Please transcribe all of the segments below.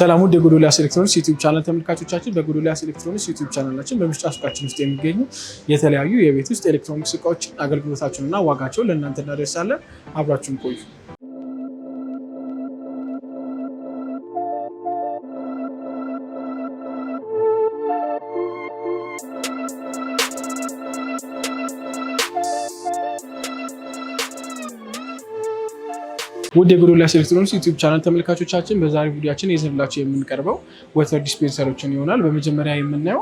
ሰላም ውድ የጎዶልያስ ኤሌክትሮኒክስ ዩቲዩብ ቻናል ተመልካቾቻችን፣ በጎዶልያስ ኤሌክትሮኒክስ ዩቲዩብ ቻናላችን በምርጫ ሱቃችን ውስጥ የሚገኙ የተለያዩ የቤት ውስጥ ኤሌክትሮኒክስ እቃዎችን አገልግሎታቸውንና ዋጋቸውን ለእናንተ እናደርሳለን። አብራችሁን ቆዩ። ውድ የጎዶልያስ ኤሌክትሮኒክስ ዩቲዩብ ቻናል ተመልካቾቻችን በዛሬ ቪዲዮችን ይዘንላችሁ የምንቀርበው ወተር ዲስፔንሰሮችን ይሆናል። በመጀመሪያ የምናየው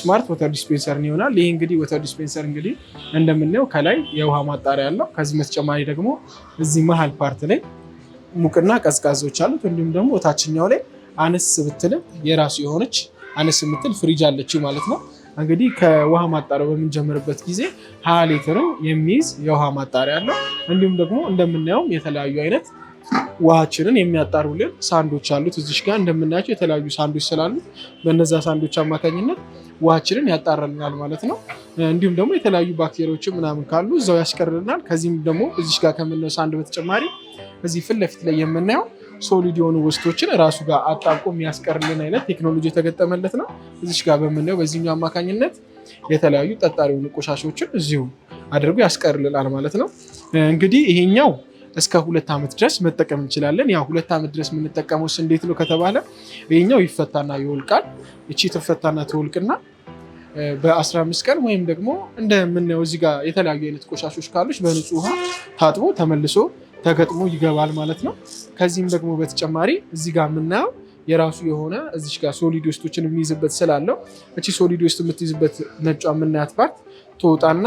ስማርት ወተር ዲስፔንሰርን ይሆናል። ይህ እንግዲህ ወተር ዲስፔንሰር እንግዲህ እንደምናየው ከላይ የውሃ ማጣሪያ አለው። ከዚህ በተጨማሪ ደግሞ እዚህ መሀል ፓርት ላይ ሙቅና ቀዝቃዞች አሉት። እንዲሁም ደግሞ ታችኛው ላይ አነስ ብትልም የራሱ የሆነች አነስ የምትል ፍሪጅ አለችው ማለት ነው። እንግዲህ ከውሃ ማጣሪያው በምንጀምርበት ጊዜ ሀያ ሊትር የሚይዝ የውሃ ማጣሪያ አለው። እንዲሁም ደግሞ እንደምናየውም የተለያዩ አይነት ውሃችንን የሚያጣሩልን ሳንዶች አሉት። እዚሽ ጋር እንደምናያቸው የተለያዩ ሳንዶች ስላሉት በነዛ ሳንዶች አማካኝነት ውሃችንን ያጣራልናል ማለት ነው። እንዲሁም ደግሞ የተለያዩ ባክቴሪያዎችን ምናምን ካሉ እዛው ያስቀርልናል። ከዚህም ደግሞ እዚሽ ጋር ከምናየው ሳንድ በተጨማሪ እዚህ ፊት ለፊት ላይ የምናየው ሶሊድ የሆኑ ውስቶችን ራሱ ጋር አጣብቆ የሚያስቀርልን አይነት ቴክኖሎጂ የተገጠመለት ነው። እዚች ጋር በምናየው በዚህኛው አማካኝነት የተለያዩ ጠጣሪ የሆኑ ቆሻሾችን እዚሁ አድርጎ ያስቀርልናል ማለት ነው። እንግዲህ ይሄኛው እስከ ሁለት ዓመት ድረስ መጠቀም እንችላለን። ያ ሁለት ዓመት ድረስ የምንጠቀመው እንዴት ነው ከተባለ ይሄኛው ይፈታና ይወልቃል። እቺ ትፈታና ትወልቅና በ15 ቀን ወይም ደግሞ እንደምናየው እዚህ ጋር የተለያዩ አይነት ቆሻሾች ካሉች በንጹህ ውሃ ታጥቦ ተመልሶ ተገጥሞ ይገባል ማለት ነው። ከዚህም ደግሞ በተጨማሪ እዚህ ጋር የምናየው የራሱ የሆነ እዚች ጋር ሶሊድ ዌስቶችን የሚይዝበት ስላለው እቺ ሶሊድ ዌስት የምትይዝበት ነጯ የምናያት ፓርት ትወጣና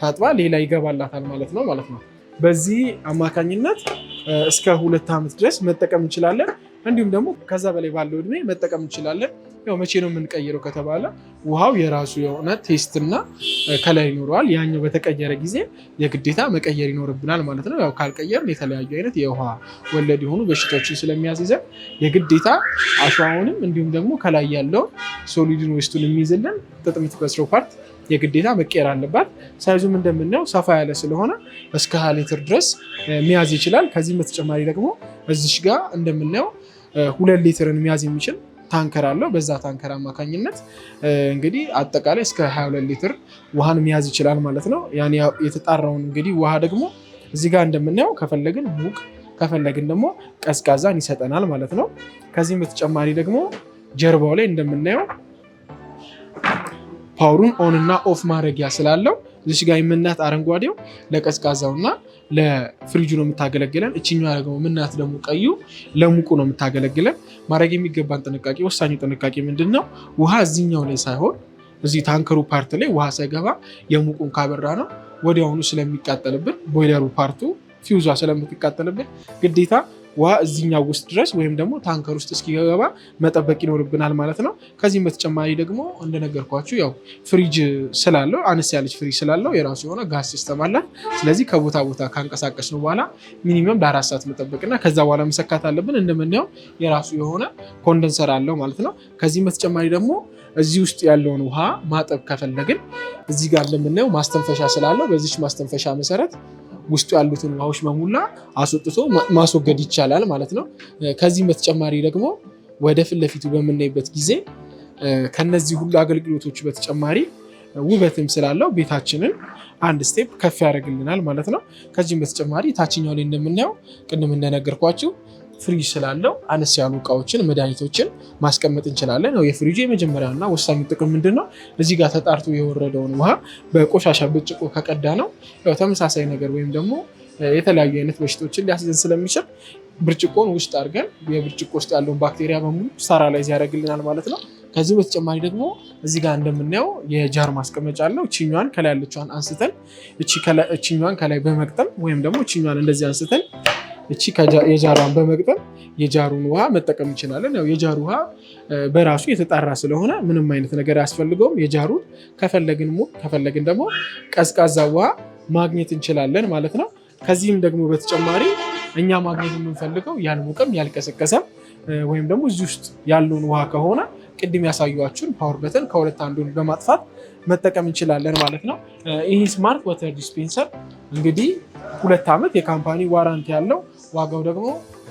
ታጥባ ሌላ ይገባላታል ማለት ነው ማለት ነው። በዚህ አማካኝነት እስከ ሁለት ዓመት ድረስ መጠቀም እንችላለን። እንዲሁም ደግሞ ከዛ በላይ ባለው እድሜ መጠቀም እንችላለን። ያው መቼ ነው የምንቀይረው ከተባለ ውሃው የራሱ የሆነ ቴስትና ከላይ ይኖረዋል። ያኛው በተቀየረ ጊዜ የግዴታ መቀየር ይኖርብናል ማለት ነው። ያው ካልቀየርን የተለያዩ አይነት የውሃ ወለድ የሆኑ በሽታዎችን ስለሚያስይዘን የግዴታ አሸዋውንም እንዲሁም ደግሞ ከላይ ያለው ሶሊድን ዌስቱን የሚይዝልን ጥጥምት የምትበስረው ፓርት የግዴታ መቀየር አለባት። ሳይዙም እንደምናየው ሰፋ ያለ ስለሆነ እስከ ሀያ ሊትር ድረስ መያዝ ይችላል። ከዚህም በተጨማሪ ደግሞ እዚሽ ጋር እንደምናየው ሁለት ሊትርን መያዝ የሚችል ታንከር አለው። በዛ ታንከር አማካኝነት እንግዲህ አጠቃላይ እስከ 22 ሊትር ውሃን መያዝ ይችላል ማለት ነው። ያን የተጣራውን እንግዲህ ውሃ ደግሞ እዚህ ጋር እንደምናየው ከፈለግን ሙቅ ከፈለግን ደግሞ ቀዝቃዛን ይሰጠናል ማለት ነው። ከዚህም በተጨማሪ ደግሞ ጀርባው ላይ እንደምናየው ፓወሩን ኦን እና ኦፍ ማድረጊያ ስላለው እዚህ ጋር የምናት አረንጓዴው ለቀዝቃዛውና ለፍሪጁ ነው የምታገለግለን። እችኛ ደግሞ ምናት ደግሞ ቀዩ ለሙቁ ነው የምታገለግለን። ማድረግ የሚገባን ጥንቃቄ ወሳኙ ጥንቃቄ ምንድን ነው? ውሃ እዚኛው ላይ ሳይሆን እዚህ ታንከሩ ፓርት ላይ ውሃ ሳይገባ የሙቁን ካበራ ነው ወዲያውኑ ስለሚቃጠልብን ቦይለሩ ፓርቱ ፊውዟ ስለምትቃጠልብን ግዴታ ውሃ እዚኛው ውስጥ ድረስ ወይም ደግሞ ታንከር ውስጥ እስኪገባ መጠበቅ ይኖርብናል ማለት ነው። ከዚህም በተጨማሪ ደግሞ እንደነገርኳችሁ ያው ፍሪጅ ስላለው አነስ ያለች ፍሪጅ ስላለው የራሱ የሆነ ጋዝ ሲስተም አለ። ስለዚህ ከቦታ ቦታ ካንቀሳቀስ ነው በኋላ ሚኒመም ለአራት ሰዓት መጠበቅና ከዛ በኋላ መሰካት አለብን። እንደምናየው የራሱ የሆነ ኮንደንሰር አለው ማለት ነው። ከዚህም በተጨማሪ ደግሞ እዚህ ውስጥ ያለውን ውሃ ማጠብ ከፈለግን እዚህ ጋር እንደምናየው ማስተንፈሻ ስላለው በዚች ማስተንፈሻ መሰረት ውስጡ ያሉትን ውሃዎች በሙላ አስወጥቶ ማስወገድ ይቻላል ማለት ነው። ከዚህም በተጨማሪ ደግሞ ወደ ፊት ለፊቱ በምናይበት ጊዜ ከነዚህ ሁሉ አገልግሎቶች በተጨማሪ ውበትም ስላለው ቤታችንን አንድ ስቴፕ ከፍ ያደርግልናል ማለት ነው። ከዚህም በተጨማሪ ታችኛው ላይ እንደምናየው ቅድም እንደነገርኳችሁ ፍሪጅ ስላለው አነስ ያሉ እቃዎችን መድኃኒቶችን ማስቀመጥ እንችላለን። ነው የፍሪጁ የመጀመሪያና ወሳኙ ጥቅም ምንድን ነው? እዚህ ጋር ተጣርቶ የወረደውን ውሃ በቆሻሻ ብርጭቆ ከቀዳ ነው ያው ተመሳሳይ ነገር ወይም ደግሞ የተለያዩ አይነት በሽቶችን ሊያስዘን ስለሚችል ብርጭቆን ውስጥ አድርገን የብርጭቆ ውስጥ ያለውን ባክቴሪያ በሙሉ ላይ ያደርግልናል ማለት ነው። ከዚህ በተጨማሪ ደግሞ እዚህ ጋር እንደምናየው የጃር ማስቀመጫ አለው። እችኛዋን ከላይ ያለችዋን አንስተን እችኛዋን ከላይ በመቅጠም ወይም ደግሞ እችኛዋን እንደዚህ አንስተን እቺ የጃሯን በመቅጠም የጃሩን ውሃ መጠቀም እንችላለን። ያው የጃሩ ውሃ በራሱ የተጣራ ስለሆነ ምንም አይነት ነገር አያስፈልገውም። የጃሩን ከፈለግን ሙቅ ከፈለግን ደግሞ ቀዝቃዛ ውሃ ማግኘት እንችላለን ማለት ነው። ከዚህም ደግሞ በተጨማሪ እኛ ማግኘት የምንፈልገው ሙቅም ያልቀሰቀሰም ወይም ደግሞ እዚህ ውስጥ ያለውን ውሃ ከሆነ ቅድም ያሳዩችሁን ፓወር በተን ከሁለት አንዱን በማጥፋት መጠቀም እንችላለን ማለት ነው። ይህ ስማርት ወተር ዲስፔንሰር እንግዲህ ሁለት ዓመት የካምፓኒ ዋራንቲ ያለው ዋጋው ደግሞ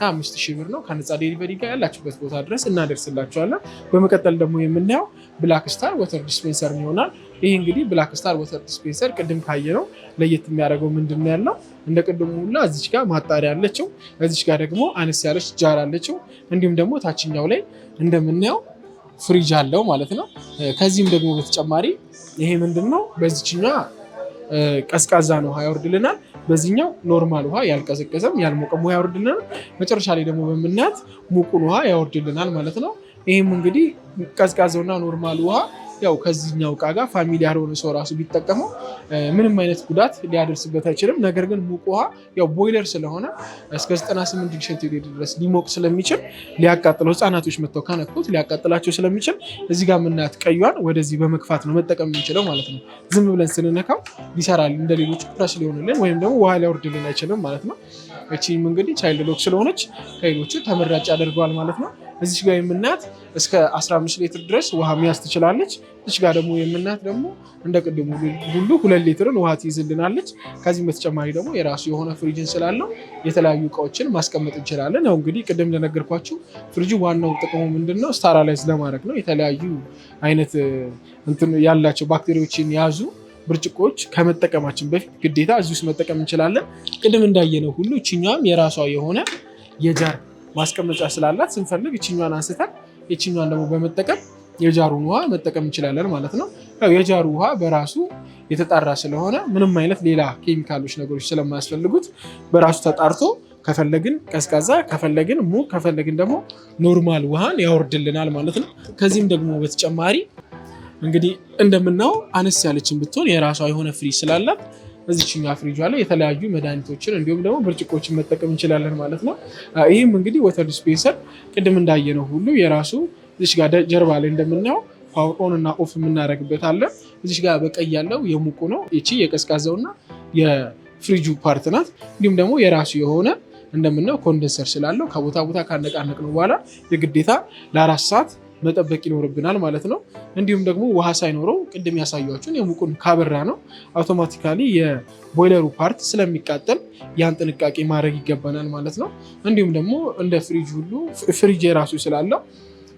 አምስት ሺህ ብር ነው። ከነፃ ዴሊቨሪ ጋር ያላችሁበት ቦታ ድረስ እናደርስላችኋለን። በመቀጠል ደግሞ የምናየው ብላክ ስታር ወተር ዲስፔንሰር ይሆናል። ይህ እንግዲህ ብላክ ስታር ወተር ዲስፔንሰር ቅድም ካየ ነው ለየት የሚያደርገው ምንድን ነው ያለው እንደ ቅድሙ ሁላ እዚች ጋር ማጣሪያ አለችው። እዚች ጋር ደግሞ አነስ ያለች ጃር አለችው። እንዲሁም ደግሞ ታችኛው ላይ እንደምናየው ፍሪጅ አለው ማለት ነው። ከዚህም ደግሞ በተጨማሪ ይሄ ምንድን ነው በዚችኛ ቀዝቃዛ ነው ያወርድልናል በዚህኛው ኖርማል ውሃ ያልቀዘቀዘም ያልሞቀም ውሃ ያወርድልናል። መጨረሻ ላይ ደግሞ በምናያት ሙቁን ውሃ ያወርድልናል ማለት ነው። ይህም እንግዲህ ቀዝቃዘውና ኖርማል ውሃ ያው ከዚህኛው እቃ ጋር ፋሚሊ ያልሆነ ሰው ራሱ ቢጠቀመው ምንም አይነት ጉዳት ሊያደርስበት አይችልም። ነገር ግን ሙቅ ውሃ ያው ቦይለር ስለሆነ እስከ 98 ዲግሪ ሴንቲግሬድ ድረስ ሊሞቅ ስለሚችል ሊያቃጥለው ህጻናቶች መጥተው ከነኩት ሊያቃጥላቸው ስለሚችል እዚህ ጋር የምናያት ቀዩን ወደዚህ በመግፋት ነው መጠቀም የምንችለው ማለት ነው። ዝም ብለን ስንነካው ሊሰራል እንደሌሎች ፕረስ ሊሆንልን ወይም ደግሞ ውሃ ሊያወርድልን አይችልም ማለት ነው። እቺም እንግዲህ ቻይልድ ሎክ ስለሆነች ከሌሎቹ ተመራጭ ያደርገዋል ማለት ነው። እዚች ጋር የምናት እስከ 15 ሊትር ድረስ ውሃ መያዝ ትችላለች። እዚች ጋር ደግሞ የምናት ደግሞ እንደ ቅድሙ ሁሉ ሁለት ሊትርን ውሃ ትይዝልናለች። ከዚህም በተጨማሪ ደግሞ የራሱ የሆነ ፍሪጅን ስላለው የተለያዩ እቃዎችን ማስቀመጥ እንችላለን። ያው እንግዲህ ቅድም እንደነገርኳችሁ ፍሪጁ ዋናው ጥቅሙ ምንድን ነው? ስታራላይዝ ለማድረግ ነው። የተለያዩ አይነት ያላቸው ባክቴሪዎችን ያዙ ብርጭቆች ከመጠቀማችን በፊት ግዴታ እዚህ ውስጥ መጠቀም እንችላለን። ቅድም እንዳየነው ሁሉ እችኛዋም የራሷ የሆነ የጃር ማስቀመጫ ስላላት ስንፈልግ ይችኛዋን አንስተን ይችኛን ደግሞ በመጠቀም የጃሩን ውሃ መጠቀም እንችላለን ማለት ነው። ያው የጃሩ ውሃ በራሱ የተጣራ ስለሆነ ምንም አይነት ሌላ ኬሚካሎች ነገሮች ስለማያስፈልጉት በራሱ ተጣርቶ ከፈለግን ቀዝቃዛ ከፈለግን ሙቅ ከፈለግን ደግሞ ኖርማል ውሃን ያወርድልናል ማለት ነው። ከዚህም ደግሞ በተጨማሪ እንግዲህ እንደምናየው አነስ ያለችን ብትሆን የራሷ የሆነ ፍሪጅ ስላላት እዚችኛ ፍሪጇ ላይ የተለያዩ መድኃኒቶችን እንዲሁም ደግሞ ብርጭቆችን መጠቀም እንችላለን ማለት ነው። ይህም እንግዲህ ወተር ዲስፔንሰር ቅድም እንዳየነው ሁሉ የራሱ እዚች ጋር ጀርባ ላይ እንደምናየው ፓወር ኦን እና ኦፍ የምናደርግበት አለ። እዚች ጋር በቀይ ያለው የሙቁ ነው። ይቺ የቀዝቃዛው እና የፍሪጁ ፓርት ናት። እንዲሁም ደግሞ የራሱ የሆነ እንደምናየው ኮንደንሰር ስላለው ከቦታ ቦታ ካነቃነቅ ነው በኋላ የግዴታ ለአራት ሰዓት መጠበቅ ይኖርብናል ማለት ነው። እንዲሁም ደግሞ ውሃ ሳይኖረው ቅድም ያሳያችሁን የሙቁን ካበራ ነው አውቶማቲካሊ የቦይለሩ ፓርት ስለሚቃጠል ያን ጥንቃቄ ማድረግ ይገባናል ማለት ነው። እንዲሁም ደግሞ እንደ ፍሪጅ ሁሉ ፍሪጅ የራሱ ስላለው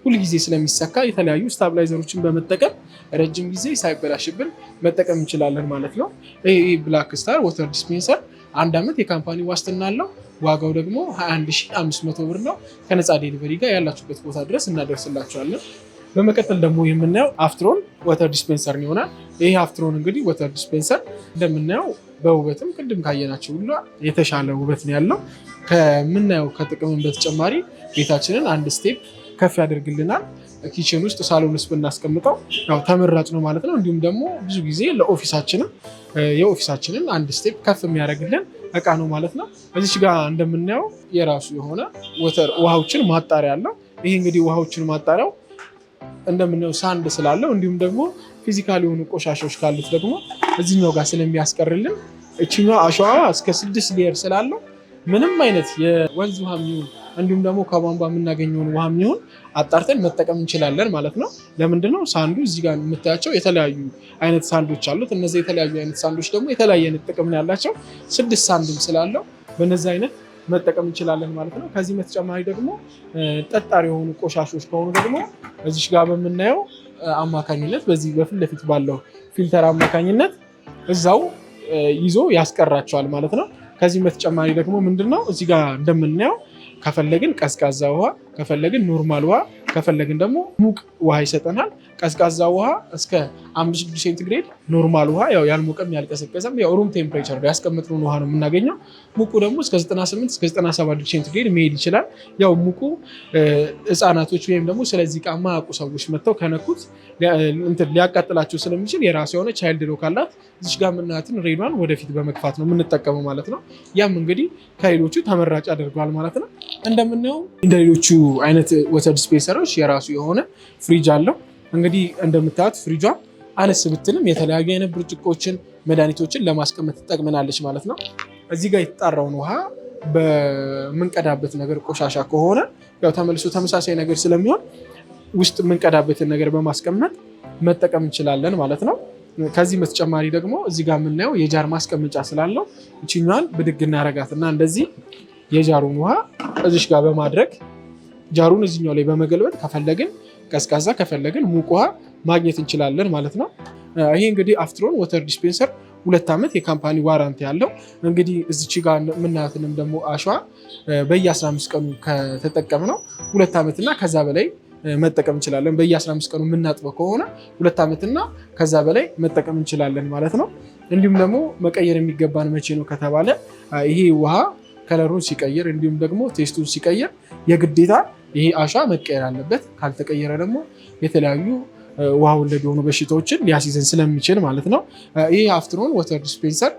ሁልጊዜ ስለሚሰካ የተለያዩ ስታብላይዘሮችን በመጠቀም ረጅም ጊዜ ሳይበላሽብን መጠቀም እንችላለን ማለት ነው። ይህ ብላክ ስታር ወተር ዲስፔንሰር አንድ ዓመት የካምፓኒ ዋስትና አለው። ዋጋው ደግሞ 21500 ብር ነው። ከነፃ ዴሊቨሪ ጋር ያላችሁበት ቦታ ድረስ እናደርስላችኋለን። በመቀጠል ደግሞ የምናየው አፍትሮን ወተር ዲስፔንሰር ይሆናል። ይህ አፍትሮን እንግዲህ ወተር ዲስፔንሰር እንደምናየው በውበትም ቅድም ካየናቸው ሁሉ የተሻለ ውበት ነው ያለው። ከምናየው ከጥቅምን በተጨማሪ ቤታችንን አንድ ስቴፕ ከፍ ያደርግልናል። ኪችን ውስጥ ሳሎን ውስጥ ብናስቀምጠው ያው ተመራጭ ነው ማለት ነው። እንዲሁም ደግሞ ብዙ ጊዜ ለኦፊሳችንም የኦፊሳችንን አንድ ስቴፕ ከፍ የሚያደርግልን እቃ ነው ማለት ነው። እዚች ጋር እንደምናየው የራሱ የሆነ ወተር ውሃዎችን ማጣሪያ አለው። ይሄ እንግዲህ ውሃዎችን ማጣሪያው እንደምናየው ሳንድ ስላለው እንዲሁም ደግሞ ፊዚካል የሆኑ ቆሻሻዎች ካሉት ደግሞ እዚህኛው ጋር ስለሚያስቀርልን እችኛው አሸዋ እስከ ስድስት ሊየር ስላለው ምንም አይነት የወንዝ ውሃ የሚሆን እንዲሁም ደግሞ ከቧንቧ የምናገኘውን ውሃ የሚሆን አጣርተን መጠቀም እንችላለን ማለት ነው። ለምንድነው ሳንዱ እዚህ ጋር የምታያቸው የተለያዩ አይነት ሳንዶች አሉት። እነዚህ የተለያዩ አይነት ሳንዶች ደግሞ የተለያየ አይነት ጥቅም ነው ያላቸው። ስድስት ሳንድም ስላለው በነዚህ አይነት መጠቀም እንችላለን ማለት ነው። ከዚህ በተጨማሪ ደግሞ ጠጣሪ የሆኑ ቆሻሾች ከሆኑ ደግሞ እዚሽ ጋር በምናየው አማካኝነት በዚህ በፊት ለፊት ባለው ፊልተር አማካኝነት እዛው ይዞ ያስቀራቸዋል ማለት ነው። ከዚህም በተጨማሪ ደግሞ ምንድን ነው እዚህ ጋር እንደምናየው ከፈለግን ቀዝቃዛ ውሃ፣ ከፈለግን ኖርማል ውሃ፣ ከፈለግን ደግሞ ሙቅ ውሃ ይሰጠናል። ቀዝቃዛ ውሃ እስከ አምስት ዲግሪ ሴንቲግሬድ ኖርማል ውሃ ያው ያልሞቀም ያልቀሰቀሰም ያው ሩም ቴምፕሬቸር ነው ያስቀመጥነውን ውሃ ነው የምናገኘው። ሙቁ ደግሞ እስከ 98 እስከ 97 ዲግሪ ሴንቲግሬድ መሄድ ይችላል። ያው ሙቁ ህፃናቶች ወይም ደግሞ ስለዚህ ዕቃ የማያውቁ ሰዎች መጥተው ከነኩት ሊያቃጥላቸው ስለሚችል የራሱ የሆነ ቻይልድ ሎክ አላት። እዚች ጋር የምናያትን ሬዷን ወደፊት በመግፋት ነው የምንጠቀመው ማለት ነው። ያም እንግዲህ ከሌሎቹ ተመራጭ አድርገዋል ማለት ነው። እንደምናየው እንደሌሎቹ አይነት ወተር ዲስፔንሰሮች የራሱ የሆነ ፍሪጅ አለው። እንግዲህ እንደምታዩት ፍሪጇ አነስ ብትልም የተለያዩ አይነት ብርጭቆችን፣ መድኃኒቶችን ለማስቀመጥ ትጠቅመናለች ማለት ነው። እዚህ ጋር የተጣራውን ውሃ በምንቀዳበት ነገር ቆሻሻ ከሆነ ያው ተመልሶ ተመሳሳይ ነገር ስለሚሆን ውስጥ የምንቀዳበትን ነገር በማስቀመጥ መጠቀም እንችላለን ማለት ነው። ከዚህ በተጨማሪ ደግሞ እዚህ ጋር የምናየው የጃር ማስቀመጫ ስላለው እችኛን ብድግ እና እንደዚህ የጃሩን ውሃ እዚሽ ጋር በማድረግ ጃሩን እዚኛው ላይ በመገልበጥ ከፈለግን ቀዝቃዛ ከፈለግን ሙቅ ውሃ ማግኘት እንችላለን ማለት ነው። ይሄ እንግዲህ አፍትሮን ወተር ዲስፔንሰር ሁለት ዓመት የካምፓኒ ዋራንት ያለው እንግዲህ እዚች ጋ የምናያትንም ደግሞ አሸዋ በየ15 ቀኑ ከተጠቀም ነው ሁለት ዓመትና ከዛ በላይ መጠቀም እንችላለን። በየ15 ቀኑ የምናጥበው ከሆነ ሁለት ዓመትና ከዛ በላይ መጠቀም እንችላለን ማለት ነው። እንዲሁም ደግሞ መቀየር የሚገባን መቼ ነው ከተባለ ይሄ ውሃ ከለሩን ሲቀይር እንዲሁም ደግሞ ቴስቱን ሲቀይር የግዴታ ይሄ አሻ መቀየር አለበት። ካልተቀየረ ደግሞ የተለያዩ ውሃ ወለድ የሆኑ በሽታዎችን ሊያስይዘን ስለሚችል ማለት ነው። ይህ አፍትሮን ወተር ዲስፔንሰር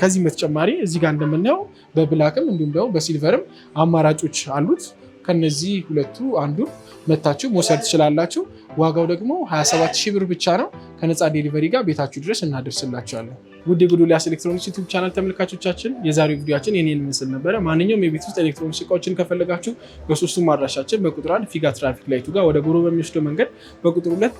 ከዚህም በተጨማሪ እዚህ ጋር እንደምናየው በብላክም እንዲሁም ደግሞ በሲልቨርም አማራጮች አሉት። ከነዚህ ሁለቱ አንዱ መታችሁ መውሰድ ትችላላችሁ። ዋጋው ደግሞ 27 ሺህ ብር ብቻ ነው። ከነፃ ዴሊቨሪ ጋር ቤታችሁ ድረስ እናደርስላችኋለን። ውድ የጎዶልያስ ኤሌክትሮኒክስ ዩቱብ ቻናል ተመልካቾቻችን የዛሬው ቪዲዮችን የኔን ምስል ነበረ። ማንኛውም የቤት ውስጥ ኤሌክትሮኒክስ እቃዎችን ከፈለጋችሁ በሶስቱም አድራሻችን በቁጥር አንድ ፊጋ ትራፊክ ላይቱ ጋር ወደ ጎሮ በሚወስደው መንገድ በቁጥር ሁለት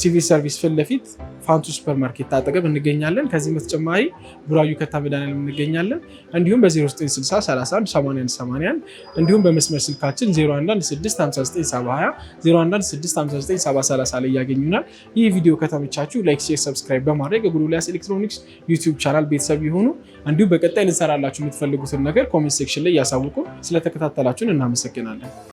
ሲቪል ሰርቪስ ፊት ለፊት ፋንቱ ማርኬት አጠገብ እንገኛለን። ከዚህም በተጨማሪ ቡራዩ ከታ መድኃኒዓለም እንገኛለን። እንዲሁም በ0960 እንዲሁም በመስመር ስልካችን 0116597020 0116597030 ላይ ያገኙናል። ይህ ቪዲዮ ከተመቻችሁ ላይክ፣ ሼር፣ ሰብስክራይብ በማድረግ የጎዶልያስ ኤሌክትሮኒክስ ዩቲዩብ ቻናል ቤተሰብ የሆኑ እንዲሁም በቀጣይ ልንሰራላችሁ የምትፈልጉትን ነገር ኮሜንት ሴክሽን ላይ እያሳውቁ ስለተከታተላችሁን እናመሰግናለን።